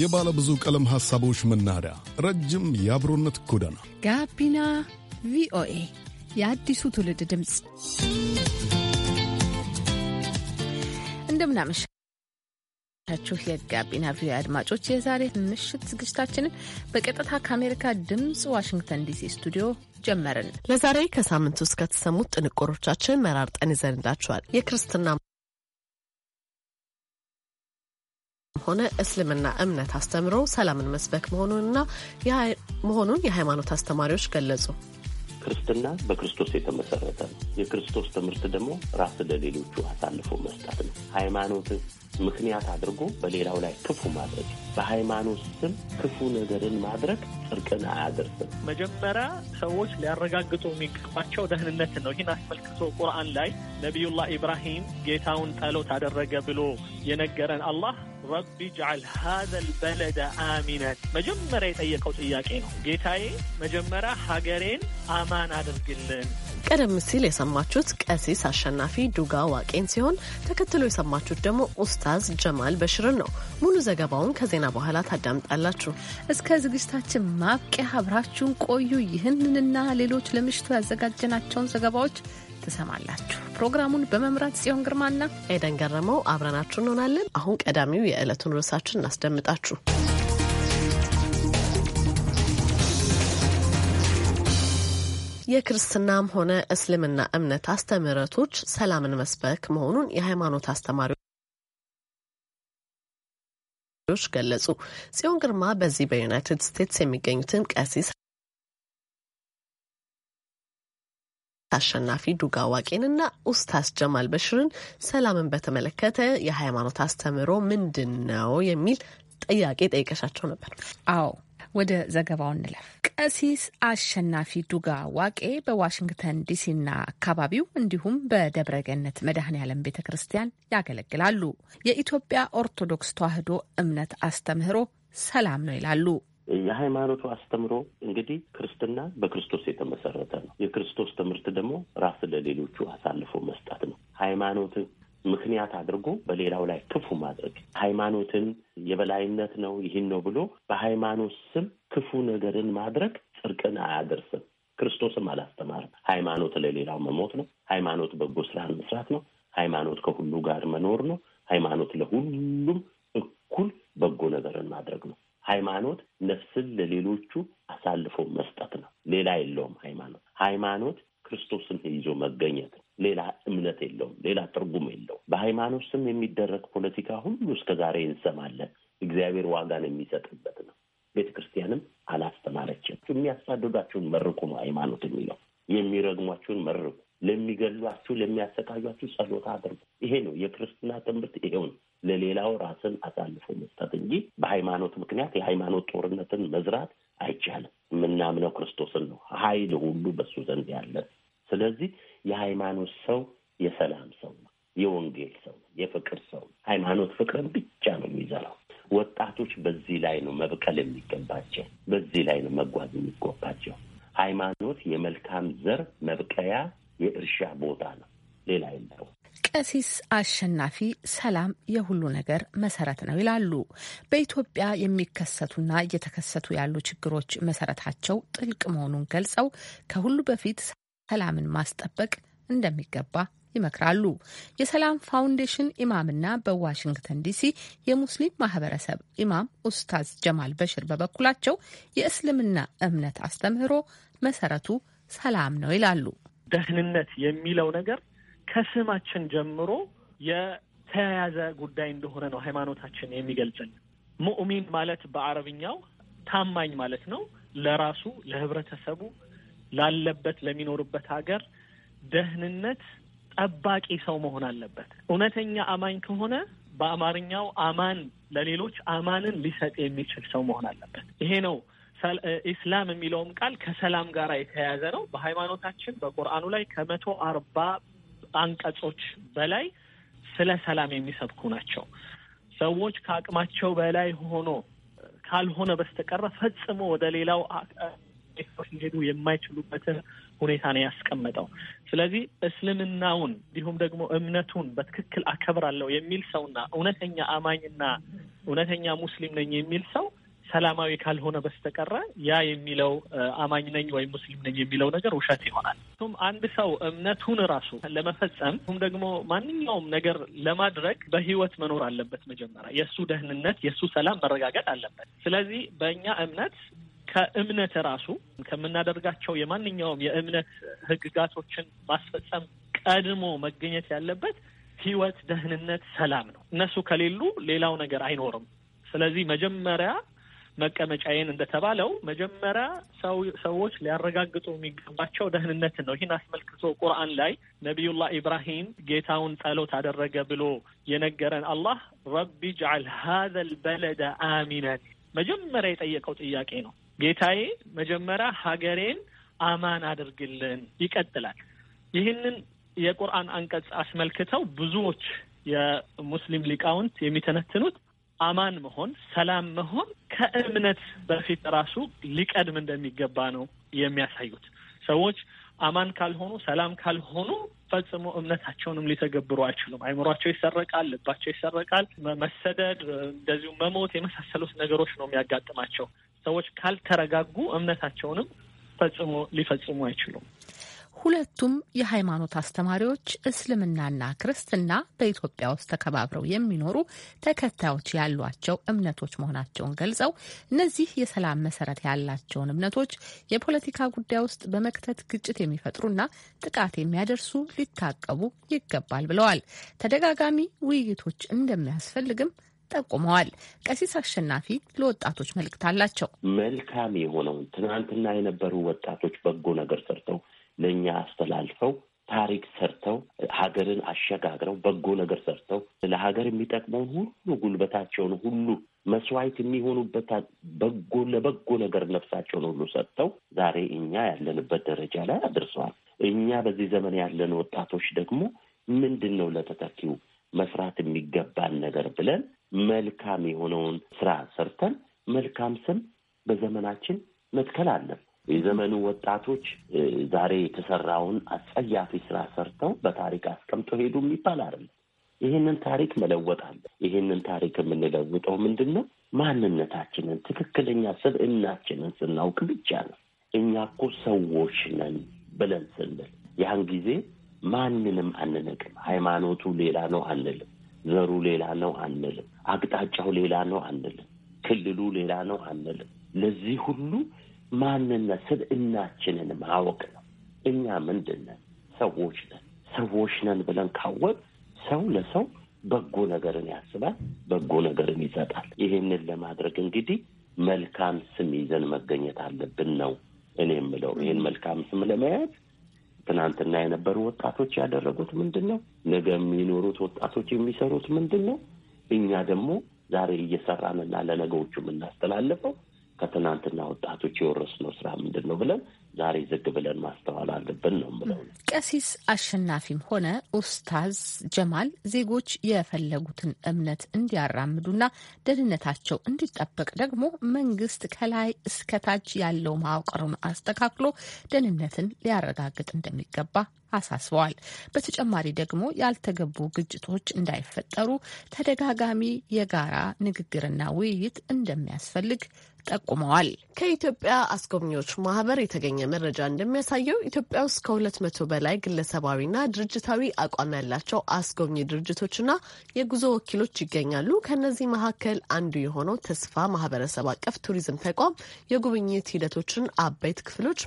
የባለ ብዙ ቀለም ሐሳቦች መናኸሪያ፣ ረጅም የአብሮነት ጎዳና ጋቢና ቪኦኤ የአዲሱ ትውልድ ድምፅ። እንደምናመሻችሁ የጋቢና ቪኦኤ አድማጮች፣ የዛሬ ምሽት ዝግጅታችንን በቀጥታ ከአሜሪካ ድምፅ ዋሽንግተን ዲሲ ስቱዲዮ ጀመርን። ለዛሬ ከሳምንት ውስጥ ከተሰሙት ጥንቅሮቻችን መራርጠን ይዘንላችኋል። የክርስትና ሆነ እስልምና እምነት አስተምሮ ሰላምን መስበክ መሆኑንና መሆኑን የሃይማኖት አስተማሪዎች ገለጹ። ክርስትና በክርስቶስ የተመሰረተ ነው። የክርስቶስ ትምህርት ደግሞ ራስ ለሌሎቹ አሳልፎ መስጠት ነው። ሃይማኖት ምክንያት አድርጎ በሌላው ላይ ክፉ ማድረግ፣ በሃይማኖት ስም ክፉ ነገርን ማድረግ ጽድቅን አያደርስም። መጀመሪያ ሰዎች ሊያረጋግጡ የሚገባቸው ደህንነትን ነው። ይህን አስመልክቶ ቁርአን ላይ ነቢዩላህ ኢብራሂም ጌታውን ጠሎት አደረገ ብሎ የነገረን አላህ ረቢ ጅዓል ሃዘ ልበለደ አሚነን መጀመሪያ የጠየቀው ጥያቄ ነው። ጌታዬ መጀመሪያ ሀገሬን አማን አድርግልን። ቀደም ሲል የሰማችሁት ቀሲስ አሸናፊ ዱጋ ዋቄን ሲሆን ተከትሎ የሰማችሁት ደግሞ ኡስታዝ ጀማል በሽርን ነው። ሙሉ ዘገባውን ከዜና በኋላ ታዳምጣላችሁ። እስከ ዝግጅታችን ማብቂያ አብራችሁን ቆዩ። ይህንንና ሌሎች ለምሽቱ ያዘጋጀናቸውን ዘገባዎች ትሰማላችሁ። ፕሮግራሙን በመምራት ጽዮን ግርማና ኤደን ገረመው አብረናችሁ እንሆናለን። አሁን ቀዳሚው የዕለቱን ርዕሳችን እናስደምጣችሁ። የክርስትናም ሆነ እስልምና እምነት አስተምህረቶች ሰላምን መስበክ መሆኑን የሃይማኖት አስተማሪዎች ገለጹ። ጽዮን ግርማ በዚህ በዩናይትድ ስቴትስ የሚገኙትን ቀሲስ አሸናፊ ዱጋ ዋቄንና ኡስታስ ጀማል በሽርን ሰላምን በተመለከተ የሃይማኖት አስተምህሮ ምንድን ነው የሚል ጥያቄ ጠይቀሻቸው ነበር። አዎ፣ ወደ ዘገባው እንለፍ። ቀሲስ አሸናፊ ዱጋ ዋቄ በዋሽንግተን ዲሲና አካባቢው እንዲሁም በደብረገነት ገነት መድኃኔ ቤተ ክርስቲያን ያገለግላሉ። የኢትዮጵያ ኦርቶዶክስ ተዋሕዶ እምነት አስተምህሮ ሰላም ነው ይላሉ። የሃይማኖቱ አስተምሮ እንግዲህ ክርስትና በክርስቶስ የተመሰረተ ነው። የክርስቶስ ትምህርት ደግሞ ራስ ለሌሎቹ አሳልፎ መስጠት ነው። ሃይማኖትን ምክንያት አድርጎ በሌላው ላይ ክፉ ማድረግ ሃይማኖትን የበላይነት ነው፣ ይህን ነው ብሎ በሃይማኖት ስም ክፉ ነገርን ማድረግ ጽድቅን አያደርስም። ክርስቶስም አላስተማርም። ሃይማኖት ለሌላው መሞት ነው። ሃይማኖት በጎ ስራን መስራት ነው። ሃይማኖት ከሁሉ ጋር መኖር ነው። ሃይማኖት ለሁሉም እኩል በጎ ነገርን ማድረግ ነው። ሃይማኖት ነፍስን ለሌሎቹ አሳልፎ መስጠት ነው። ሌላ የለውም። ሃይማኖት ሃይማኖት ክርስቶስን ይዞ መገኘት ነው። ሌላ እምነት የለውም። ሌላ ትርጉም የለውም። በሃይማኖት ስም የሚደረግ ፖለቲካ ሁሉ እስከ ዛሬ እንሰማለን። እግዚአብሔር ዋጋን የሚሰጥበት ነው። ቤተ ክርስቲያንም አላስተማረችም። የሚያሳድዷቸውን መርቁ ነው ሃይማኖት የሚለው። የሚረግሟችሁን መርቁ፣ ለሚገሏችሁ፣ ለሚያሰቃዩችሁ ጸሎታ አድርጉ። ይሄ ነው የክርስትና ትምህርት። ይሄው ነው ለሌላው ራስን አሳልፎ መስጠት እንጂ በሃይማኖት ምክንያት የሃይማኖት ጦርነትን መዝራት አይቻልም። የምናምነው ክርስቶስን ነው። ኃይል ሁሉ በሱ ዘንድ ያለ። ስለዚህ የሃይማኖት ሰው የሰላም ሰው ነው፣ የወንጌል ሰው ነው፣ የፍቅር ሰው ነው። ሃይማኖት ፍቅርን ብቻ ነው የሚዘራው። ወጣቶች በዚህ ላይ ነው መብቀል የሚገባቸው፣ በዚህ ላይ ነው መጓዝ የሚገባቸው። ሃይማኖት የመልካም ዘር መብቀያ የእርሻ ቦታ ነው፣ ሌላ የለው። ቀሲስ አሸናፊ ሰላም የሁሉ ነገር መሰረት ነው ይላሉ። በኢትዮጵያ የሚከሰቱና እየተከሰቱ ያሉ ችግሮች መሰረታቸው ጥልቅ መሆኑን ገልጸው ከሁሉ በፊት ሰላምን ማስጠበቅ እንደሚገባ ይመክራሉ። የሰላም ፋውንዴሽን ኢማምና በዋሽንግተን ዲሲ የሙስሊም ማህበረሰብ ኢማም ኡስታዝ ጀማል በሽር በበኩላቸው የእስልምና እምነት አስተምህሮ መሰረቱ ሰላም ነው ይላሉ። ደህንነት የሚለው ነገር ከስማችን ጀምሮ የተያያዘ ጉዳይ እንደሆነ ነው ሃይማኖታችን የሚገልጽን። ሙእሚን ማለት በአረብኛው ታማኝ ማለት ነው። ለራሱ ለህብረተሰቡ፣ ላለበት ለሚኖርበት ሀገር ደህንነት ጠባቂ ሰው መሆን አለበት። እውነተኛ አማኝ ከሆነ በአማርኛው አማን ለሌሎች አማንን ሊሰጥ የሚችል ሰው መሆን አለበት። ይሄ ነው ኢስላም የሚለውም ቃል ከሰላም ጋር የተያያዘ ነው። በሃይማኖታችን በቁርአኑ ላይ ከመቶ አርባ አንቀጾች በላይ ስለ ሰላም የሚሰብኩ ናቸው። ሰዎች ከአቅማቸው በላይ ሆኖ ካልሆነ በስተቀረ ፈጽሞ ወደ ሌላው ሊሄዱ የማይችሉበትን ሁኔታ ነው ያስቀመጠው። ስለዚህ እስልምናውን እንዲሁም ደግሞ እምነቱን በትክክል አከብራለሁ የሚል ሰውና እውነተኛ አማኝና እውነተኛ ሙስሊም ነኝ የሚል ሰው ሰላማዊ ካልሆነ በስተቀረ ያ የሚለው አማኝ ነኝ ወይም ሙስሊም ነኝ የሚለው ነገር ውሸት ይሆናል። ቱም አንድ ሰው እምነቱን ራሱ ለመፈጸም ቱም ደግሞ ማንኛውም ነገር ለማድረግ በህይወት መኖር አለበት። መጀመሪያ የእሱ ደህንነት የእሱ ሰላም መረጋገጥ አለበት። ስለዚህ በእኛ እምነት ከእምነት ራሱ ከምናደርጋቸው የማንኛውም የእምነት ህግጋቶችን ማስፈጸም ቀድሞ መገኘት ያለበት ህይወት፣ ደህንነት፣ ሰላም ነው። እነሱ ከሌሉ ሌላው ነገር አይኖርም። ስለዚህ መጀመሪያ መቀመጫዬን እንደተባለው መጀመሪያ ሰዎች ሊያረጋግጡ የሚገባቸው ደህንነትን ነው። ይህን አስመልክቶ ቁርአን ላይ ነቢዩላህ ኢብራሂም ጌታውን ጸሎት አደረገ ብሎ የነገረን አላህ ረቢ ጅዓል ሀዘል በለደ አሚነን መጀመሪያ የጠየቀው ጥያቄ ነው። ጌታዬ መጀመሪያ ሀገሬን አማን አድርግልን ይቀጥላል። ይህንን የቁርአን አንቀጽ አስመልክተው ብዙዎች የሙስሊም ሊቃውንት የሚተነትኑት አማን መሆን ሰላም መሆን ከእምነት በፊት ራሱ ሊቀድም እንደሚገባ ነው የሚያሳዩት። ሰዎች አማን ካልሆኑ፣ ሰላም ካልሆኑ ፈጽሞ እምነታቸውንም ሊተገብሩ አይችሉም። አይምሯቸው ይሰረቃል፣ ልባቸው ይሰረቃል። መሰደድ፣ እንደዚሁ መሞት የመሳሰሉት ነገሮች ነው የሚያጋጥማቸው። ሰዎች ካልተረጋጉ እምነታቸውንም ፈጽሞ ሊፈጽሙ አይችሉም። ሁለቱም የሃይማኖት አስተማሪዎች እስልምናና ክርስትና በኢትዮጵያ ውስጥ ተከባብረው የሚኖሩ ተከታዮች ያሏቸው እምነቶች መሆናቸውን ገልጸው እነዚህ የሰላም መሰረት ያላቸውን እምነቶች የፖለቲካ ጉዳይ ውስጥ በመክተት ግጭት የሚፈጥሩና ጥቃት የሚያደርሱ ሊታቀቡ ይገባል ብለዋል። ተደጋጋሚ ውይይቶች እንደሚያስፈልግም ጠቁመዋል። ቀሲስ አሸናፊ ለወጣቶች መልእክት አላቸው። መልካም የሆነውን ትናንትና የነበሩ ወጣቶች በጎ ነገር ሰርተው ለእኛ አስተላልፈው ታሪክ ሰርተው ሀገርን አሸጋግረው በጎ ነገር ሰርተው ለሀገር የሚጠቅመውን ሁሉ ጉልበታቸውን ሁሉ መስዋዕት የሚሆኑበት በጎ ለበጎ ነገር ነፍሳቸውን ሁሉ ሰጥተው ዛሬ እኛ ያለንበት ደረጃ ላይ አድርሰዋል። እኛ በዚህ ዘመን ያለን ወጣቶች ደግሞ ምንድን ነው ለተተኪው መስራት የሚገባን ነገር ብለን መልካም የሆነውን ስራ ሰርተን መልካም ስም በዘመናችን መትከል አለን። የዘመኑ ወጣቶች ዛሬ የተሰራውን አጸያፊ ስራ ሰርተው በታሪክ አስቀምጦ ሄዱ የሚባል አይደለም። ይህንን ታሪክ መለወጥ አለ። ይህንን ታሪክ የምንለውጠው ምንድን ነው? ማንነታችንን፣ ትክክለኛ ስብዕናችንን ስናውቅ ብቻ ነው። እኛ እኮ ሰዎች ነን ብለን ስንል ያን ጊዜ ማንንም አንነቅም። ሃይማኖቱ ሌላ ነው አንልም። ዘሩ ሌላ ነው አንልም። አቅጣጫው ሌላ ነው አንልም። ክልሉ ሌላ ነው አንልም። ለዚህ ሁሉ ማንነት እናችንን ማወቅ ነው። እኛ ምንድን ነን? ሰዎች ነን። ሰዎች ነን ብለን ካወቅ ሰው ለሰው በጎ ነገርን ያስባል፣ በጎ ነገርን ይሰጣል። ይሄንን ለማድረግ እንግዲህ መልካም ስም ይዘን መገኘት አለብን ነው እኔ የምለው። ይህን መልካም ስም ለመያዝ ትናንትና የነበሩ ወጣቶች ያደረጉት ምንድን ነው? ነገ የሚኖሩት ወጣቶች የሚሰሩት ምንድን ነው? እኛ ደግሞ ዛሬ እየሰራንና ለነገዎቹ የምናስተላልፈው ከትናንትና ወጣቶች የወረስነው ስራ ምንድን ነው ብለን ዛሬ ዝግ ብለን ማስተዋል አለብን ነው ምለው። ቀሲስ አሸናፊም ሆነ ኡስታዝ ጀማል ዜጎች የፈለጉትን እምነት እንዲያራምዱና ደህንነታቸው እንዲጠበቅ ደግሞ መንግስት ከላይ እስከታች ያለው መዋቅሩን አስተካክሎ ደህንነትን ሊያረጋግጥ እንደሚገባ አሳስበዋል። በተጨማሪ ደግሞ ያልተገቡ ግጭቶች እንዳይፈጠሩ ተደጋጋሚ የጋራ ንግግርና ውይይት እንደሚያስፈልግ ጠቁመዋል። ከኢትዮጵያ አስጎብኚዎች ማህበር የተገኘ መረጃ እንደሚያሳየው ኢትዮጵያ ውስጥ ከሁለት መቶ በላይ ግለሰባዊና ድርጅታዊ አቋም ያላቸው አስጎብኚ ድርጅቶችና የጉዞ ወኪሎች ይገኛሉ። ከእነዚህ መካከል አንዱ የሆነው ተስፋ ማህበረሰብ አቀፍ ቱሪዝም ተቋም የጉብኝት ሂደቶችን አበይት ክፍሎች፣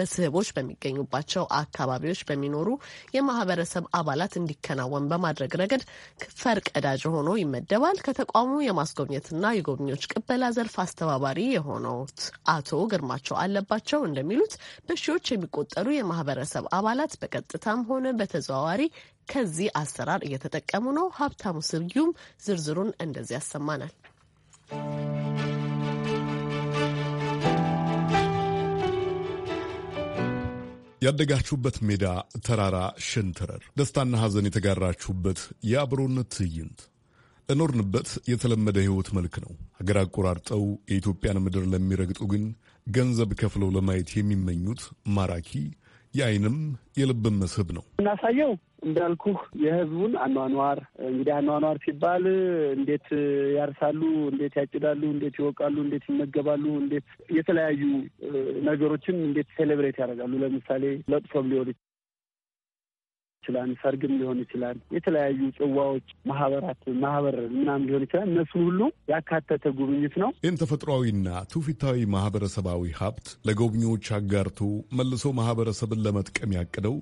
መስህቦች በሚገኙባቸው አካባቢዎች በሚኖሩ የማህበረሰብ አባላት እንዲከናወን በማድረግ ረገድ ፈርቀዳጅ ሆኖ ይመደባል። ከተቋሙ የማስጎብኘትና የጎብኚዎች ቅበላ ዘርፍ አስተባ አስተባባሪ የሆኑት አቶ ግርማቸው አለባቸው እንደሚሉት በሺዎች የሚቆጠሩ የማህበረሰብ አባላት በቀጥታም ሆነ በተዘዋዋሪ ከዚህ አሰራር እየተጠቀሙ ነው። ሀብታሙ ስዩም ዝርዝሩን እንደዚህ ያሰማናል። ያደጋችሁበት ሜዳ፣ ተራራ፣ ሸንተረር፣ ደስታና ሐዘን የተጋራችሁበት የአብሮነት ትዕይንት እኖርንበት የተለመደ ህይወት መልክ ነው። ሀገር አቆራርጠው የኢትዮጵያን ምድር ለሚረግጡ ግን ገንዘብ ከፍለው ለማየት የሚመኙት ማራኪ የአይንም የልብም መስህብ ነው። እናሳየው እንዳልኩህ የህዝቡን አኗኗር እንግዲህ አኗኗር ሲባል እንዴት ያርሳሉ፣ እንዴት ያጭዳሉ፣ እንዴት ይወቃሉ፣ እንዴት ይመገባሉ፣ እንዴት የተለያዩ ነገሮችን እንዴት ሴሌብሬት ያደርጋሉ። ለምሳሌ ለቅሶም ሊሆን ይችላል፣ ሰርግም ሊሆን ይችላል፣ የተለያዩ ጽዋዎች፣ ማህበራት፣ ማህበር ምናምን ሊሆን ይችላል። እነሱን ሁሉ ያካተተ ጉብኝት ነው። ይህን ተፈጥሯዊና ትውፊታዊ ማህበረሰባዊ ሀብት ለጎብኚዎች አጋርቶ መልሶ ማህበረሰብን ለመጥቀም ያቅደው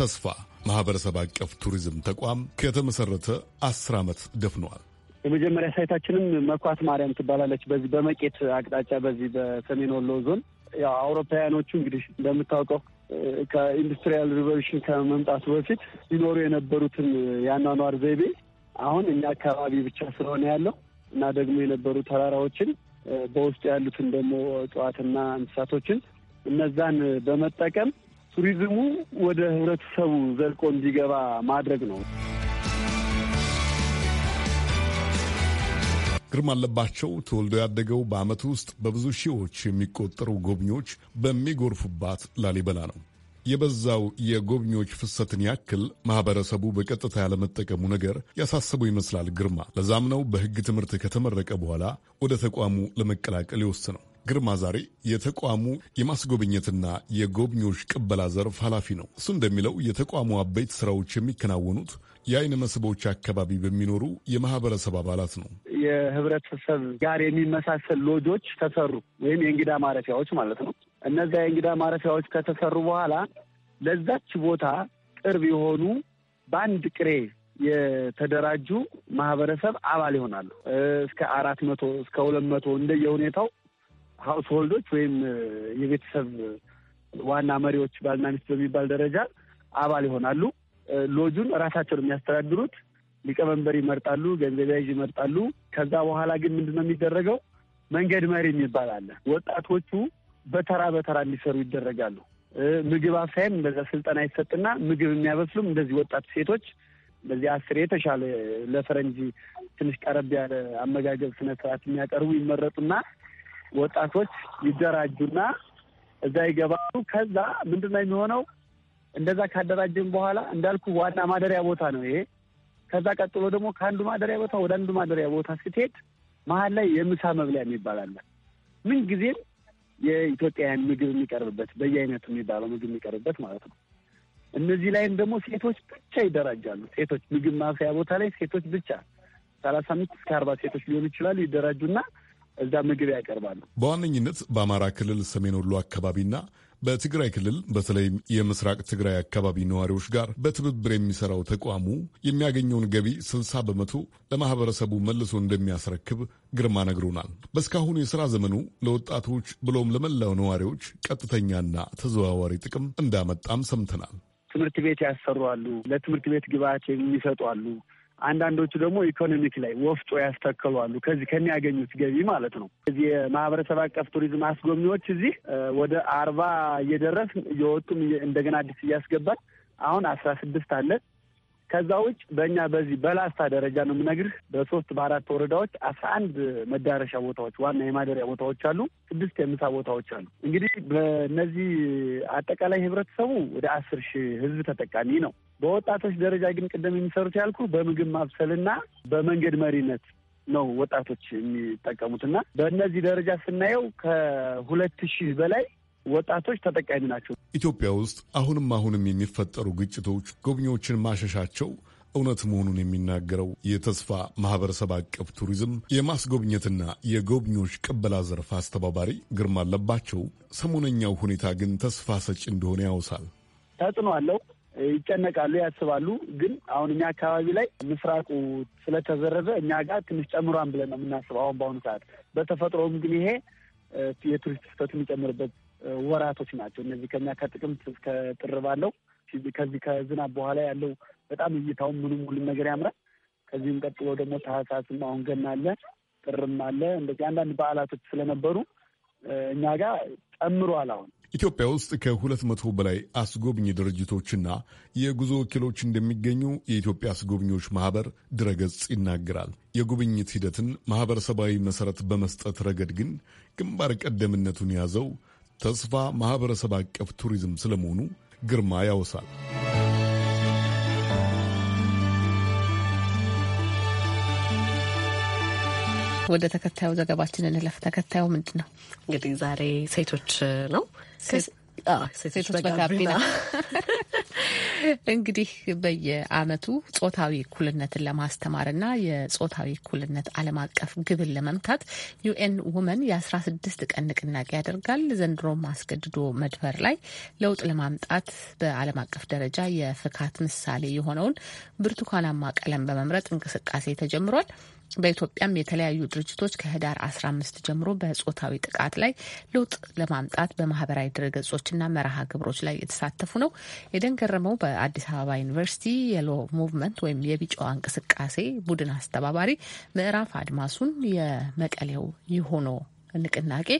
ተስፋ ማህበረሰብ አቀፍ ቱሪዝም ተቋም ከተመሰረተ አስር ዓመት ደፍኗል። የመጀመሪያ ሳይታችንም መኳት ማርያም ትባላለች። በዚህ በመቄት አቅጣጫ በዚህ በሰሜን ወሎ ዞን ያው አውሮፓውያኖቹ እንግዲህ እንደምታውቀው ከኢንዱስትሪያል ሪቮሉሽን ከመምጣቱ በፊት ሲኖሩ የነበሩትን የአኗኗር ዘይቤ አሁን እኛ አካባቢ ብቻ ስለሆነ ያለው እና ደግሞ የነበሩ ተራራዎችን በውስጡ ያሉትን ደግሞ እጽዋትና እንስሳቶችን እነዛን በመጠቀም ቱሪዝሙ ወደ ህብረተሰቡ ዘልቆ እንዲገባ ማድረግ ነው። ግርማ አለባቸው ተወልዶ ያደገው በዓመት ውስጥ በብዙ ሺዎች የሚቆጠሩ ጎብኚዎች በሚጎርፉባት ላሊበላ ነው። የበዛው የጎብኚዎች ፍሰትን ያክል ማህበረሰቡ በቀጥታ ያለመጠቀሙ ነገር ያሳሰቡ ይመስላል ግርማ። ለዛም ነው በሕግ ትምህርት ከተመረቀ በኋላ ወደ ተቋሙ ለመቀላቀል የወሰነው። ግርማ ዛሬ የተቋሙ የማስጎብኘትና የጎብኚዎች ቅበላ ዘርፍ ኃላፊ ነው። እሱ እንደሚለው የተቋሙ አበይት ስራዎች የሚከናወኑት የአይን መስህቦች አካባቢ በሚኖሩ የማህበረሰብ አባላት ነው። የህብረተሰብ ጋር የሚመሳሰል ሎጆች ተሰሩ ወይም የእንግዳ ማረፊያዎች ማለት ነው። እነዚያ የእንግዳ ማረፊያዎች ከተሰሩ በኋላ ለዛች ቦታ ቅርብ የሆኑ በአንድ ቅሬ የተደራጁ ማህበረሰብ አባል ይሆናሉ። እስከ አራት መቶ እስከ ሁለት መቶ እንደየሁኔታው ሀውስሆልዶች ወይም የቤተሰብ ዋና መሪዎች ባልና ሚስት በሚባል ደረጃ አባል ይሆናሉ። ሎጁን ራሳቸው የሚያስተዳድሩት። ሊቀመንበር ይመርጣሉ፣ ገንዘብ ያዥ ይመርጣሉ። ከዛ በኋላ ግን ምንድን ነው የሚደረገው? መንገድ መሪ የሚባል አለ። ወጣቶቹ በተራ በተራ እንዲሰሩ ይደረጋሉ። ምግብ አብሳይም በዛ ስልጠና ይሰጥና ምግብ የሚያበስሉም እንደዚህ ወጣት ሴቶች በዚህ አስር የተሻለ ለፈረንጅ ትንሽ ቀረብ ያለ አመጋገብ ስነ የሚያቀርቡ ይመረጡና ወጣቶች ይደራጁና እዛ ይገባሉ። ከዛ ምንድን ነው የሚሆነው? እንደዛ ካደራጀን በኋላ እንዳልኩ ዋና ማደሪያ ቦታ ነው ይሄ። ከዛ ቀጥሎ ደግሞ ከአንዱ ማደሪያ ቦታ ወደ አንዱ ማደሪያ ቦታ ስትሄድ መሀል ላይ የምሳ መብለያ የሚባል አለ። ምን ጊዜም የኢትዮጵያውያን ምግብ የሚቀርብበት በየአይነቱ የሚባለው ምግብ የሚቀርብበት ማለት ነው። እነዚህ ላይም ደግሞ ሴቶች ብቻ ይደራጃሉ። ሴቶች ምግብ ማፍያ ቦታ ላይ ሴቶች ብቻ ሰላሳ አምስት እስከ አርባ ሴቶች ሊሆኑ ይችላሉ። ይደራጁና እዛ ምግብ ያቀርባሉ። በዋነኝነት በአማራ ክልል ሰሜን ወሎ አካባቢና በትግራይ ክልል በተለይም የምስራቅ ትግራይ አካባቢ ነዋሪዎች ጋር በትብብር የሚሰራው ተቋሙ የሚያገኘውን ገቢ ስልሳ በመቶ ለማህበረሰቡ መልሶ እንደሚያስረክብ ግርማ ነግሮናል። በእስካሁኑ የሥራ ዘመኑ ለወጣቶች ብሎም ለመላው ነዋሪዎች ቀጥተኛና ተዘዋዋሪ ጥቅም እንዳመጣም ሰምተናል። ትምህርት ቤት ያሰሩ አሉ። ለትምህርት ቤት ግብዓት የሚሰጡ አሉ። አንዳንዶቹ ደግሞ ኢኮኖሚክ ላይ ወፍጮ ያስተክሏሉ ከዚህ ከሚያገኙት ገቢ ማለት ነው። እዚህ የማህበረሰብ አቀፍ ቱሪዝም አስጎብኚዎች እዚህ ወደ አርባ እየደረስ እየወጡም እንደገና አዲስ እያስገባል አሁን አስራ ስድስት አለ ከዛ ውጭ በእኛ በዚህ በላስታ ደረጃ ነው የምነግርህ። በሶስት በአራት ወረዳዎች አስራ አንድ መዳረሻ ቦታዎች ዋና የማደሪያ ቦታዎች አሉ። ስድስት የምሳ ቦታዎች አሉ። እንግዲህ በእነዚህ አጠቃላይ ህብረተሰቡ ወደ አስር ሺህ ህዝብ ተጠቃሚ ነው። በወጣቶች ደረጃ ግን ቅደም የሚሰሩት ያልኩ በምግብ ማብሰልና በመንገድ መሪነት ነው ወጣቶች የሚጠቀሙት እና በእነዚህ ደረጃ ስናየው ከሁለት ሺህ በላይ ወጣቶች ተጠቃሚ ናቸው። ኢትዮጵያ ውስጥ አሁንም አሁንም የሚፈጠሩ ግጭቶች ጎብኚዎችን ማሸሻቸው እውነት መሆኑን የሚናገረው የተስፋ ማህበረሰብ አቀፍ ቱሪዝም የማስጎብኘትና የጎብኚዎች ቅበላ ዘርፍ አስተባባሪ ግርማ አለባቸው፣ ሰሞነኛው ሁኔታ ግን ተስፋ ሰጪ እንደሆነ ያውሳል። ተጽዕኖ አለው። ይጨነቃሉ፣ ያስባሉ። ግን አሁን እኛ አካባቢ ላይ ምስራቁ ስለተዘረዘ እኛ ጋር ትንሽ ጨምሯን ብለን ነው የምናስበው አሁን በአሁኑ ሰዓት። በተፈጥሮም ግን ይሄ የቱሪስት ፍሰቱን የሚጨምርበት ወራቶች ናቸው። እነዚህ ከኛ ከጥቅምት እስከ ጥር ባለው ከዚህ ከዝናብ በኋላ ያለው በጣም እይታውን ምኑም ሁሉም ነገር ያምራል። ከዚህም ቀጥሎ ደግሞ ታህሳስም አሁን ገና አለ፣ ጥርም አለ። እንደዚህ አንዳንድ በዓላቶች ስለነበሩ እኛ ጋር ጨምሯል። አሁን ኢትዮጵያ ውስጥ ከሁለት መቶ በላይ አስጎብኝ ድርጅቶችና የጉዞ ወኪሎች እንደሚገኙ የኢትዮጵያ አስጎብኚዎች ማህበር ድረገጽ ይናገራል። የጉብኝት ሂደትን ማህበረሰባዊ መሰረት በመስጠት ረገድ ግን ግንባር ቀደምነቱን የያዘው ተስፋ ማህበረሰብ አቀፍ ቱሪዝም ስለመሆኑ ግርማ ያወሳል። ወደ ተከታዩ ዘገባችን እንለፍ። ተከታዩ ምንድን ነው? እንግዲህ ዛሬ ሴቶች ነው ሴቶች በጋቢና እንግዲህ በየአመቱ ጾታዊ እኩልነትን ለማስተማርና የጾታዊ እኩልነት ዓለም አቀፍ ግብን ለመምታት ዩኤን ውመን የ16 ቀን ንቅናቄ ያደርጋል። ዘንድሮም አስገድዶ መድፈር ላይ ለውጥ ለማምጣት በዓለም አቀፍ ደረጃ የፍካት ምሳሌ የሆነውን ብርቱካናማ ቀለም በመምረጥ እንቅስቃሴ ተጀምሯል። በኢትዮጵያም የተለያዩ ድርጅቶች ከህዳር 15 ጀምሮ በጾታዊ ጥቃት ላይ ለውጥ ለማምጣት በማህበራዊ ድረገጾችና መርሃ ግብሮች ላይ የተሳተፉ ነው። የደንገረመው በአዲስ አበባ ዩኒቨርሲቲ የሎ ሙቭመንት ወይም የቢጫዋ እንቅስቃሴ ቡድን አስተባባሪ ምዕራፍ አድማሱን የመቀሌው ይሆኖ ንቅናቄ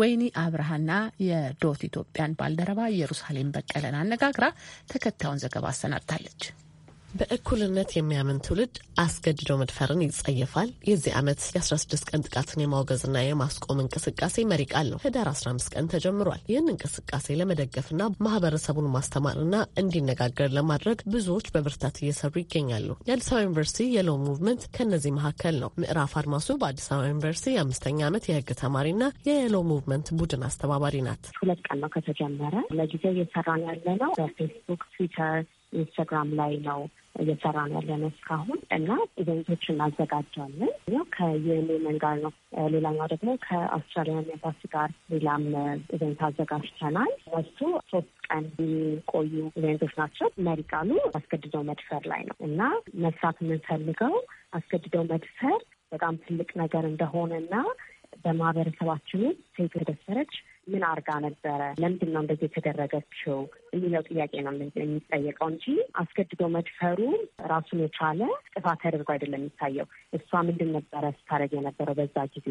ወይኒ አብርሃና የዶት ኢትዮጵያን ባልደረባ ኢየሩሳሌም በቀለን አነጋግራ ተከታዩን ዘገባ አሰናድታለች። በእኩልነት የሚያምን ትውልድ አስገድዶ መድፈርን ይጸየፋል። የዚህ ዓመት የ16 ቀን ጥቃትን የማውገዝና የማስቆም እንቅስቃሴ መሪ ቃል ነው። ህዳር 15 ቀን ተጀምሯል። ይህን እንቅስቃሴ ለመደገፍና ማህበረሰቡን ማስተማርና እንዲነጋገር ለማድረግ ብዙዎች በብርታት እየሰሩ ይገኛሉ። የአዲስ አበባ ዩኒቨርሲቲ የሎ ሙቭመንት ከእነዚህ መካከል ነው። ምዕራፍ አድማሱ በአዲስ አበባ ዩኒቨርሲቲ የአምስተኛ ዓመት የህግ ተማሪና የሎ ሙቭመንት ቡድን አስተባባሪ ናት። ሁለት ቀን ነው ከተጀመረ። ለጊዜው እየሰራን ያለ ነው በፌስቡክ ትዊተር ኢንስታግራም ላይ ነው እየሰራ ነው ያለን እስካሁን እና ኢቨንቶች እናዘጋጃለን። ያው ከዩኤንኤምን ጋር ነው። ሌላኛው ደግሞ ከአውስትራሊያን ኤምባሲ ጋር ሌላም ኢቨንት አዘጋጅተናል። እነሱ ሶስት ቀን የሚቆዩ ኢቨንቶች ናቸው። መሪ ቃሉ አስገድደው መድፈር ላይ ነው እና መስራት የምንፈልገው አስገድደው መድፈር በጣም ትልቅ ነገር እንደሆነ እንደሆነና በማህበረሰባችን ሴት ወደሰረች ምን አርጋ ነበረ? ለምንድን ነው እንደዚህ የተደረገችው? የሚለው ጥያቄ ነው የሚጠየቀው እንጂ አስገድዶ መድፈሩ ራሱን የቻለ ጥፋት ተደርጎ አይደለም የሚታየው። እሷ ምንድን ነበረ ስታደርግ የነበረው በዛ ጊዜ?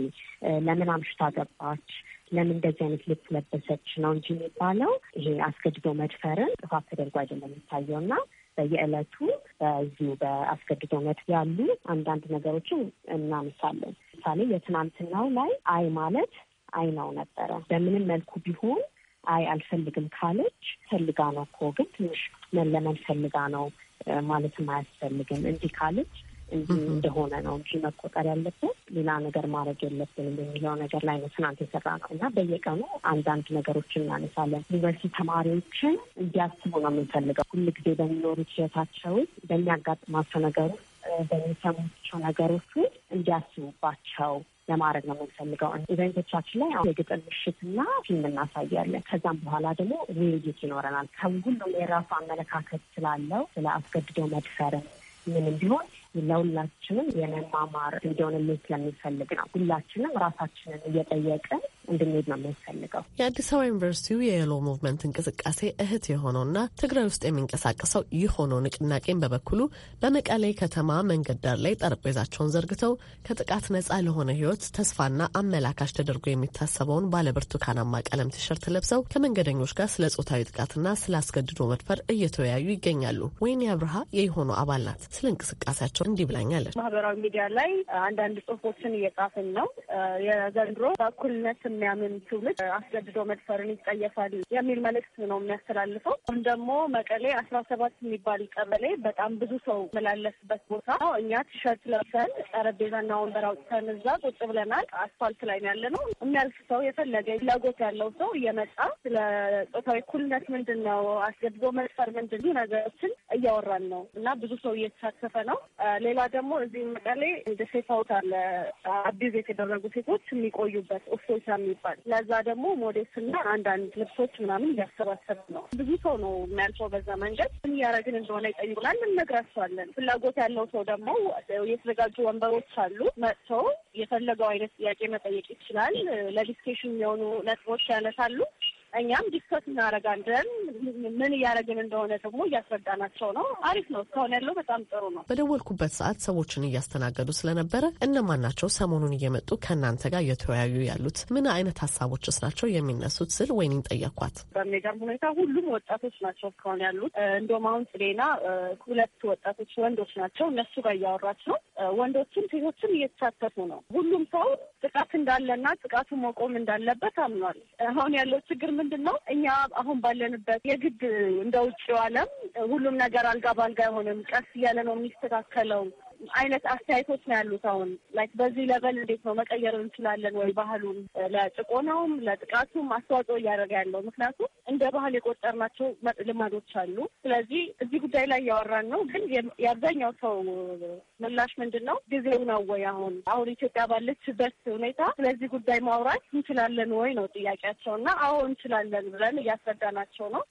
ለምን አምሽታ ገባች? ለምን እንደዚህ አይነት ልብስ ለበሰች ነው እንጂ የሚባለው። ይሄ አስገድዶ መድፈርን ጥፋት ተደርጎ አይደለም የሚታየው እና በየዕለቱ በዚሁ በአስገድዶ መድፈር ያሉ አንዳንድ ነገሮችን እናነሳለን። ምሳሌ የትናንትናው ላይ አይ ማለት ነው ነበረ። በምንም መልኩ ቢሆን አይ አልፈልግም ካለች ፈልጋ ነው እኮ ግን ትንሽ መለመን ፈልጋ ነው ማለትም አያስፈልግም እንዲህ ካለች እንዲህ እንደሆነ ነው እንጂ መቆጠር ያለበት ሌላ ነገር ማድረግ የለብንም የሚለው ነገር ላይ ነው ትናንት የሰራ ነው እና በየቀኑ አንዳንድ ነገሮችን እናነሳለን። ዩኒቨርሲቲ ተማሪዎችን እንዲያስቡ ነው የምንፈልገው። ሁል ጊዜ በሚኖሩት ሕይወታቸው በሚያጋጥማቸው ነገሮች፣ በሚሰሙቸው ነገሮች ውስጥ እንዲያስቡባቸው ለማድረግ ነው የምንፈልገው። ኢቨንቶቻችን ላይ አሁን የግጥም ምሽትና ፊልም እናሳያለን። ከዛም በኋላ ደግሞ ውይይት ይኖረናል። ከሁሉም የራሱ አመለካከት ስላለው ስለ አስገድዶ መድፈርም ምንም ቢሆን ለሁላችንም የመማማር እንዲሆንልን ስለሚፈልግ ነው። ሁላችንም ራሳችንን እየጠየቅን እንድንሄድ ነው የሚያስፈልገው። የአዲስ አበባ ዩኒቨርሲቲው የየሎ ሙቭመንት እንቅስቃሴ እህት የሆነውና ትግራይ ውስጥ የሚንቀሳቀሰው ይህ ንቅናቄን በበኩሉ በመቀሌ ከተማ መንገድ ዳር ላይ ጠረጴዛቸውን ዘርግተው ከጥቃት ነጻ ለሆነ ህይወት ተስፋና አመላካሽ ተደርጎ የሚታሰበውን ባለብርቱካናማ ቀለም ቲሸርት ለብሰው ከመንገደኞች ጋር ስለ ጾታዊ ጥቃትና ስለ አስገድዶ መድፈር እየተወያዩ ይገኛሉ። ወይኒ አብርሃ የይሆኑ አባል ናት። ስለ እንቅስቃሴያቸው እንዲህ ብላኛለች። ማህበራዊ ሚዲያ ላይ አንዳንድ ጽሁፎችን እየጻፍን ነው። የዘንድሮ በእኩልነት የሚያምን ትውልድ አስገድዶ መድፈርን ይጠየፋል የሚል መልእክት ነው የሚያስተላልፈው። አሁን ደግሞ መቀሌ አስራ ሰባት የሚባል ቀበሌ በጣም ብዙ ሰው መላለስበት ቦታ እኛ ቲሸርት ለብሰን ጠረጴዛና ወንበር አውጥተን እዛ ቁጭ ብለናል። አስፋልት ላይ ያለ ነው የሚያልፍ ሰው የፈለገ ፍላጎት ያለው ሰው እየመጣ ስለ ጾታዊ እኩልነት ምንድን ነው አስገድዶ መድፈር ምንድን ነገሮችን እያወራን ነው እና ብዙ ሰው እየተሳተፈ ነው። ሌላ ደግሞ እዚህ መቀሌ ሴፍ አውት አለ። አቢዝ የተደረጉ ሴቶች የሚቆዩበት እፎይታ የሚባል ለዛ ደግሞ ሞዴስና አንዳንድ ልብሶች ምናምን እያሰባሰብ ነው። ብዙ ሰው ነው የሚያልፈው በዛ መንገድ። ምን እያደረግን እንደሆነ ይጠይቁናል፣ እንነግራቸዋለን። ፍላጎት ያለው ሰው ደግሞ የተዘጋጁ ወንበሮች አሉ። መጥተው የፈለገው አይነት ጥያቄ መጠየቅ ይችላል። ለዲስኬሽን የሚሆኑ ነጥቦች ያነሳሉ። እኛም ዲስከስ እናደርጋለን። ምን እያደረግን እንደሆነ ደግሞ እያስረዳናቸው ነው። አሪፍ ነው። እስካሁን ያለው በጣም ጥሩ ነው። በደወልኩበት ሰዓት ሰዎችን እያስተናገዱ ስለነበረ እነማን ናቸው ሰሞኑን እየመጡ ከእናንተ ጋር እየተወያዩ ያሉት? ምን አይነት ሀሳቦችስ ናቸው የሚነሱት ስል ወይኒን ጠየኳት። በሚገርም ሁኔታ ሁሉም ወጣቶች ናቸው እስካሁን ያሉት። እንደውም አሁን ጽሌና ሁለት ወጣቶች ወንዶች ናቸው። እነሱ ጋር እያወራች ነው። ወንዶችም ሴቶችም እየተሳተፉ ነው። ሁሉም ሰው ጥቃት እንዳለና ጥቃቱ መቆም እንዳለበት አምኗል። አሁን ያለው ችግር ምን ምንድን ነው እኛ አሁን ባለንበት የግድ እንደ ውጭው ዓለም ሁሉም ነገር አልጋ ባልጋ አይሆንም። ቀስ እያለ ነው የሚስተካከለው አይነት አስተያየቶች ነው ያሉት። አሁን ላይክ በዚህ ለበል እንዴት ነው መቀየር እንችላለን ወይ ባህሉን ለጭቆናውም ለጥቃቱም አስተዋጽኦ እያደረገ ያለው ምክንያቱም እንደ ባህል የቆጠርናቸው ልማዶች አሉ። ስለዚህ እዚህ ጉዳይ ላይ እያወራን ነው። ግን የአብዛኛው ሰው ምላሽ ምንድን ነው? ጊዜው ነው ወይ አሁን አሁን ኢትዮጵያ ባለችበት ሁኔታ ስለዚህ ጉዳይ ማውራት እንችላለን ወይ ነው ጥያቄያቸው እና አዎ እንችላለን ብለን እያስረዳናቸው ነው።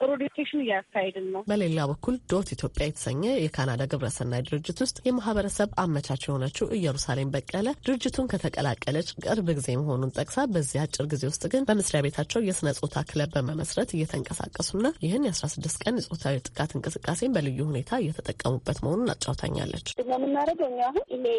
ጥሩ ዲስኬሽን እያካሄድን ነው። በሌላ በኩል ዶት ኢትዮጵያ የተሰኘ የካናዳ ግብረሰናይ ድርጅት ውስጥ የማህበረሰብ አመቻች የሆነችው ኢየሩሳሌም በቀለ ድርጅቱን ከተቀላቀለች ቅርብ ጊዜ መሆኑን ጠቅሳ በዚህ አጭር ጊዜ ውስጥ ግን በመስሪያ ቤታቸው የስነ ጾታ ክለብ በመመስረት እየተንቀሳቀሱና ይህን የ16 ቀን የጾታዊ ጥቃት እንቅስቃሴን በልዩ ሁኔታ እየተጠቀሙበት መሆኑን አጫውታኛለች። የምናደርገው እኛ አሁን ይሄ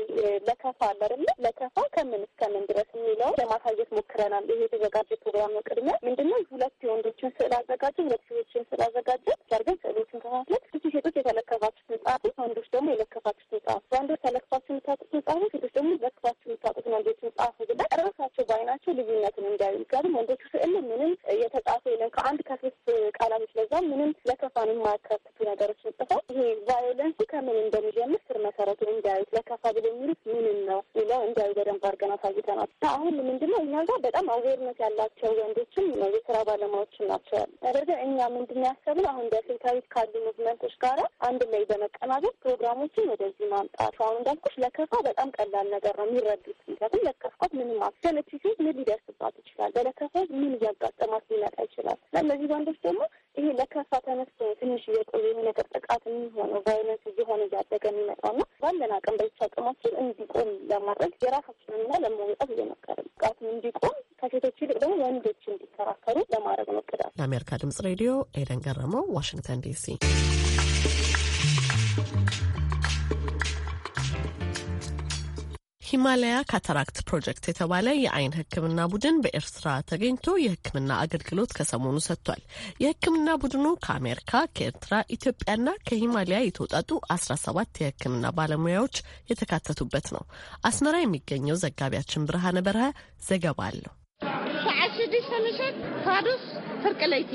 ለከፋ አለ አይደለ? ለከፋ ከምን እስከምን ድረስ የሚለው ለማሳየት ሞክረናል። ይሄ የተዘጋጀ ፕሮግራም ነው። ቅድሚያ ምንድነው ሁለት የወንዶችን ስዕል አዘጋጀ፣ ሁለት ሴቶችን ስዕል አዘጋጀ። ሰርገን ስዕሎችን ከፋፍለን ብዙ ሴቶች የተለከፋችሁትን ጻፉ፣ ወንዶች ደግሞ የለከፋችሁትን መጽሐፍ ወንዶች ተለክፋችሁ የምታውቁት መጽሐፍ፣ ሴቶች ደግሞ ዘክፋችሁ የምታውቁት ወንዶች መጽሐፍ ብለን ራሳቸው በአይናቸው ልዩነትን እንዲያዩ። ምክንያቱም ወንዶቹ ስዕል ምንም የተጻፈ የለም ከአንድ ከሶስት ቃላቶች ለዛ ምንም ለከፋን የማያካትቱ ነገሮች ጽፈው ይሄ ቫዮለንስ ከምን እንደሚጀምር መሰረቱ እንዳዩት ለከፋ ብሎ የሚሉት ምንም ነው ብለው እንዳዩ በደንብ አድርገን አሳይተናል። አሁን ምንድነው እኛ ጋር በጣም አዌርነት ያላቸው ወንዶችም የስራ ባለሙያዎችም ናቸው ያሉ። ነገር ግን እኛ ምንድን ያሰብን አሁን በሴታዊት ካሉ ሙቭመንቶች ጋራ አንድ ላይ በመቀናጀት ፕሮግራሞችን ወደዚህ ማምጣት አሁን እንዳልኩሽ ለከፋ በጣም ቀላል ነገር ነው የሚረዱት። ምክንያቱም ለከፍኳት ምንም አስገለች ሴት ምን ሊደርስባት ይችላል? በለከፋ ምን እያጋጠማት ሊመጣ ይችላል? እና እነዚህ ወንዶች ደግሞ ይሄ ለከፋ ተነስቶ ትንሽ እየቆየ የሆነ ነገር ጥቃት የሚሆነው ቫይለንስ እየሆነ እያደገ የሚመጣው ና ባለን አቅም በቻ አቅማችን እንዲቆም ለማድረግ የራሳችንን ሚና ለመወጣት እየሞከርን ጥቃቱን እንዲቆም ከሴቶች ይልቅ ደግሞ ወንዶች እንዲከራከሩ ለማድረግ ነው እቅዳችን። ለአሜሪካ ድምጽ ሬዲዮ ኤደን ገረመው ዋሽንግተን ዲሲ። ሂማላያ ካታራክት ፕሮጀክት የተባለ የአይን ሕክምና ቡድን በኤርትራ ተገኝቶ የሕክምና አገልግሎት ከሰሞኑ ሰጥቷል። የሕክምና ቡድኑ ከአሜሪካ፣ ከኤርትራ፣ ኢትዮጵያና ከሂማሊያ የተውጣጡ 17 የሕክምና ባለሙያዎች የተካተቱበት ነው። አስመራ የሚገኘው ዘጋቢያችን ብርሃነ በረሀ ዘገባ አለው። ሰዓት ሽዱሽተ ምሽት ፍርቅ ለይቲ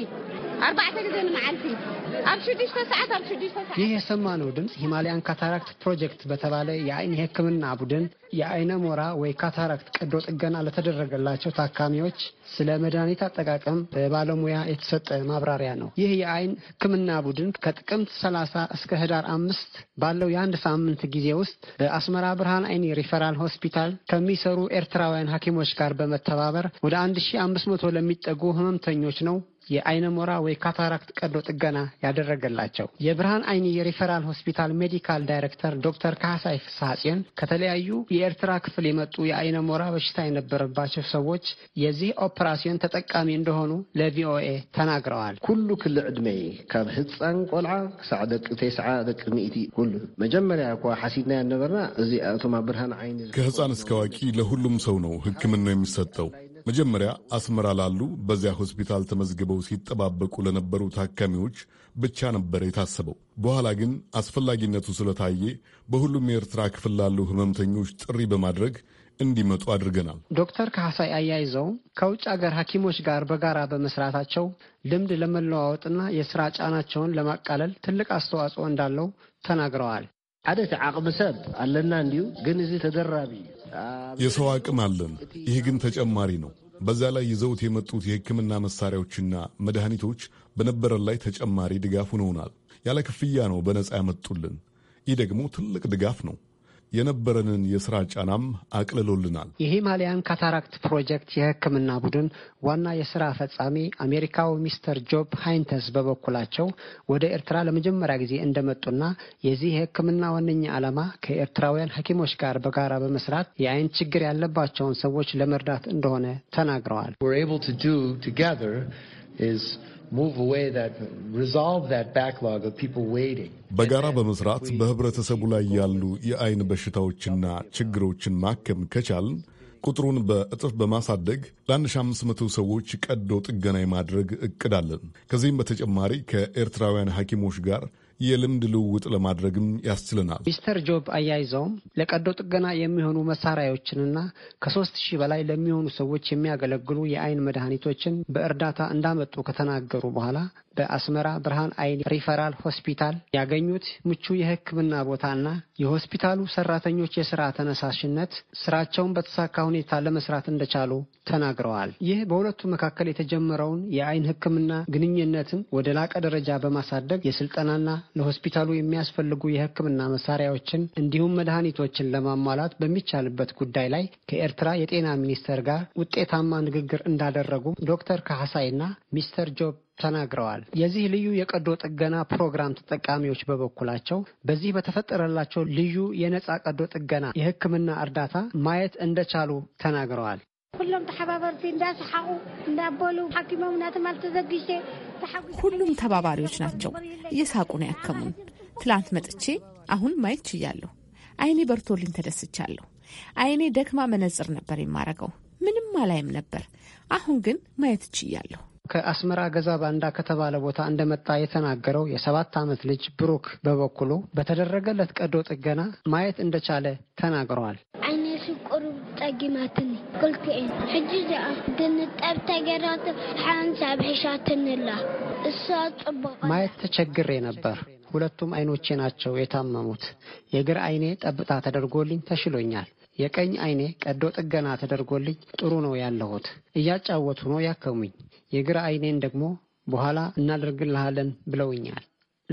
ይህ የሰማነው ድምፅ ሂማሊያን ካታራክት ፕሮጀክት በተባለ የአይን የሕክምና ቡድን የአይነ ሞራ ወይ ካታራክት ቀዶ ጥገና ለተደረገላቸው ታካሚዎች ስለ መድኃኒት አጠቃቀም በባለሙያ የተሰጠ ማብራሪያ ነው። ይህ የአይን ሕክምና ቡድን ከጥቅምት 30 እስከ ህዳር አምስት ባለው የአንድ ሳምንት ጊዜ ውስጥ በአስመራ ብርሃን አይኒ ሪፈራል ሆስፒታል ከሚሰሩ ኤርትራውያን ሐኪሞች ጋር በመተባበር ወደ መቶ ለሚጠጉ ህመምተኞች ነው የአይነ ሞራ ወይ ካታራክት ቀዶ ጥገና ያደረገላቸው። የብርሃን አይኒ የሪፈራል ሆስፒታል ሜዲካል ዳይሬክተር ዶክተር ካሳይ ፍስሐጽዮን ከተለያዩ የኤርትራ ክፍል የመጡ የአይነ ሞራ በሽታ የነበረባቸው ሰዎች የዚህ ኦፕራሲዮን ተጠቃሚ እንደሆኑ ለቪኦኤ ተናግረዋል። ኩሉ ክል ዕድሜ ካብ ህፃን ቆልዓ ክሳዕ ደቂ ተስዓ ደቂ ሚእቲ ኩሉ መጀመሪያ እኳ ሓሲድና ያነበርና እዚ ኣቶማ ብርሃን ዓይኒ ከህፃን እስከ አዋቂ ለሁሉም ሰው ነው ህክምና የሚሰጠው መጀመሪያ አስመራ ላሉ በዚያ ሆስፒታል ተመዝግበው ሲጠባበቁ ለነበሩ ታካሚዎች ብቻ ነበር የታሰበው። በኋላ ግን አስፈላጊነቱ ስለታየ በሁሉም የኤርትራ ክፍል ላሉ ህመምተኞች ጥሪ በማድረግ እንዲመጡ አድርገናል። ዶክተር ካሳይ አያይዘው ከውጭ ሀገር ሐኪሞች ጋር በጋራ በመስራታቸው ልምድ ለመለዋወጥና የስራ ጫናቸውን ለማቃለል ትልቅ አስተዋጽኦ እንዳለው ተናግረዋል። አደት ሰብ አለና እንዲሁ ግን ተደራቢ የሰው አቅም አለን። ይህ ግን ተጨማሪ ነው። በዛ ላይ ይዘውት የመጡት የሕክምና መሳሪያዎችና መድኃኒቶች በነበረን ላይ ተጨማሪ ድጋፍ ሆነውናል። ያለ ክፍያ ነው በነፃ ያመጡልን። ይህ ደግሞ ትልቅ ድጋፍ ነው። የነበረንን የስራ ጫናም አቅልሎልናል። የሂማሊያን ካታራክት ፕሮጀክት የሕክምና ቡድን ዋና የስራ ፈጻሚ አሜሪካው ሚስተር ጆብ ሃይንተስ በበኩላቸው ወደ ኤርትራ ለመጀመሪያ ጊዜ እንደመጡና የዚህ የሕክምና ዋነኛ ዓላማ ከኤርትራውያን ሐኪሞች ጋር በጋራ በመስራት የአይን ችግር ያለባቸውን ሰዎች ለመርዳት እንደሆነ ተናግረዋል። በጋራ በመስራት በህብረተሰቡ ላይ ያሉ የአይን በሽታዎችና ችግሮችን ማከም ከቻልን ቁጥሩን በእጥፍ በማሳደግ ለ1500 ሰዎች ቀዶ ጥገና የማድረግ እቅድ አለን። ከዚህም በተጨማሪ ከኤርትራውያን ሐኪሞች ጋር የልምድ ልውውጥ ለማድረግም ያስችለናል። ሚስተር ጆብ አያይዘውም ለቀዶ ጥገና የሚሆኑ መሳሪያዎችንና ከሶስት ሺህ በላይ ለሚሆኑ ሰዎች የሚያገለግሉ የአይን መድኃኒቶችን በእርዳታ እንዳመጡ ከተናገሩ በኋላ በአስመራ ብርሃን አይን ሪፈራል ሆስፒታል ያገኙት ምቹ የሕክምና ቦታና የሆስፒታሉ ሰራተኞች የስራ ተነሳሽነት ስራቸውን በተሳካ ሁኔታ ለመስራት እንደቻሉ ተናግረዋል። ይህ በሁለቱ መካከል የተጀመረውን የአይን ሕክምና ግንኙነትን ወደ ላቀ ደረጃ በማሳደግ የስልጠናና ለሆስፒታሉ የሚያስፈልጉ የሕክምና መሳሪያዎችን እንዲሁም መድኃኒቶችን ለማሟላት በሚቻልበት ጉዳይ ላይ ከኤርትራ የጤና ሚኒስቴር ጋር ውጤታማ ንግግር እንዳደረጉ ዶክተር ካህሳይና ሚስተር ጆብ ተናግረዋል። የዚህ ልዩ የቀዶ ጥገና ፕሮግራም ተጠቃሚዎች በበኩላቸው በዚህ በተፈጠረላቸው ልዩ የነፃ ቀዶ ጥገና የህክምና እርዳታ ማየት እንደቻሉ ተናግረዋል። ኩሎም ተሓባበርቲ እንዳስሓቁ እንዳበሉ ሓኪሞም እናተማል ተዘጊሸ ሁሉም ተባባሪዎች ናቸው። እየሳቁ ነው ያከሙን። ትላንት መጥቼ አሁን ማየት ችያለሁ። አይኔ በርቶልኝ ተደስቻለሁ። አይኔ ደክማ መነጽር ነበር የማረገው ምንም አላይም ነበር። አሁን ግን ማየት ችያለሁ። ከአስመራ ገዛ ባንዳ ከተባለ ቦታ እንደመጣ የተናገረው የሰባት ዓመት ልጅ ብሩክ በበኩሉ በተደረገለት ቀዶ ጥገና ማየት እንደቻለ ተናግረዋል። አይኔ ስቁሩ ጠጊማትን قلتين حجزة دنጠብ ተገራት ሓንሳብ ሒሻትንላ እሳ ፅቡቅ ማየት ተቸግሬ ነበር። ሁለቱም አይኖቼ ናቸው የታመሙት። የግራ አይኔ ጠብታ ተደርጎልኝ ተሽሎኛል። የቀኝ አይኔ ቀዶ ጥገና ተደርጎልኝ ጥሩ ነው ያለሁት። እያጫወቱ ነው ያከሙኝ። የግራ አይኔን ደግሞ በኋላ እናደርግልሃለን ብለውኛል።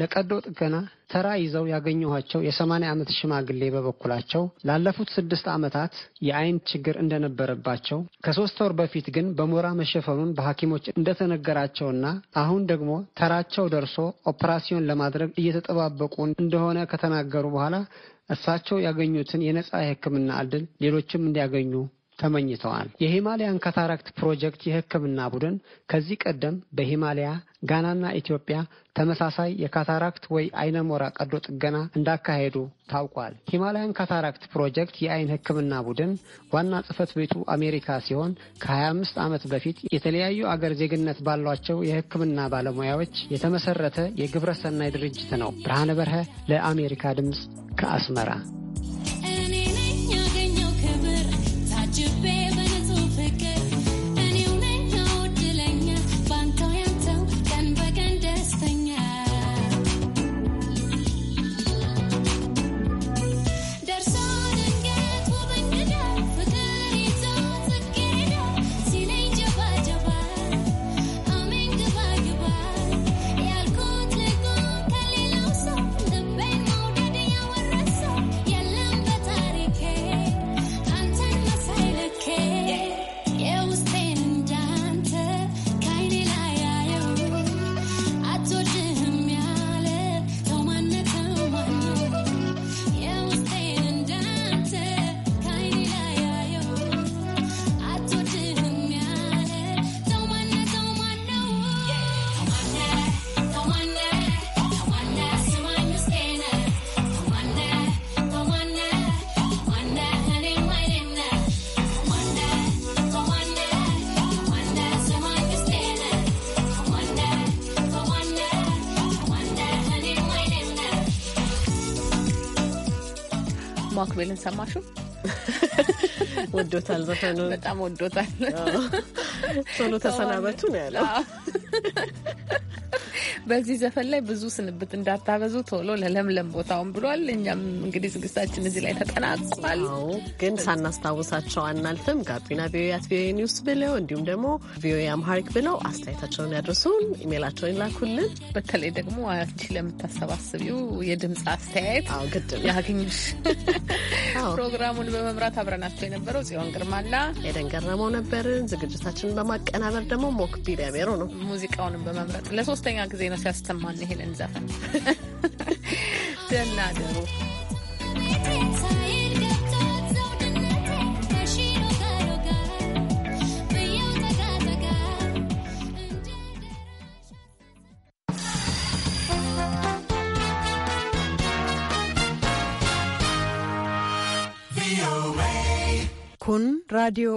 ለቀዶ ጥገና ተራ ይዘው ያገኘኋቸው የሰማንያ ዓመት ሽማግሌ በበኩላቸው ላለፉት ስድስት ዓመታት የአይን ችግር እንደነበረባቸው ከሶስት ወር በፊት ግን በሞራ መሸፈኑን በሐኪሞች እንደተነገራቸውና አሁን ደግሞ ተራቸው ደርሶ ኦፕራሲዮን ለማድረግ እየተጠባበቁ እንደሆነ ከተናገሩ በኋላ እሳቸው ያገኙትን የነጻ የሕክምና እድል ሌሎችም እንዲያገኙ ተመኝተዋል። የሂማሊያን ካታራክት ፕሮጀክት የሕክምና ቡድን ከዚህ ቀደም በሂማሊያ ጋናና ኢትዮጵያ ተመሳሳይ የካታራክት ወይ አይነ ሞራ ቀዶ ጥገና እንዳካሄዱ ታውቋል። ሂማላያን ካታራክት ፕሮጀክት የአይን ህክምና ቡድን ዋና ጽህፈት ቤቱ አሜሪካ ሲሆን ከ25 ዓመት በፊት የተለያዩ አገር ዜግነት ባሏቸው የህክምና ባለሙያዎች የተመሰረተ የግብረ ሰናይ ድርጅት ነው። ብርሃነ በርሀ ለአሜሪካ ድምፅ ከአስመራ ማክቤልን ሰማሹ? ወዶታል። ዘፈኑ በጣም ወዶታል። ቶሎ ተሰናበቱ ነው ያለው። በዚህ ዘፈን ላይ ብዙ ስንብት እንዳታበዙ ቶሎ ለለምለም ቦታውን ብሏል። እኛም እንግዲህ ዝግጅታችን እዚህ ላይ ተጠናቋል። ግን ሳናስታውሳቸው አናልፍም። ጋቢና ቪኦኤ አት ቪኦኤ ኒውስ ብለው እንዲሁም ደግሞ ቪኦኤ አምሃሪክ ብለው አስተያየታቸውን ያድርሱን፣ ኢሜላቸውን ይላኩልን። በተለይ ደግሞ አንቺ ለምታሰባስቢው የድምፅ አስተያየት ግድ ፕሮግራሙን በመምራት አብረናቸው የነበረው ጽዮን ግርማና ኤደን ገረመው ነበርን። ዝግጅታችንን በማቀናበር ደግሞ ሞክቢል ያሜሮ ነው ሙዚቃውንም በመምረጥ ለሶስተኛ ጊዜ ዜማ ሲያሰማን ይሄንን ዘፈን ደህና ደሩ። kun radio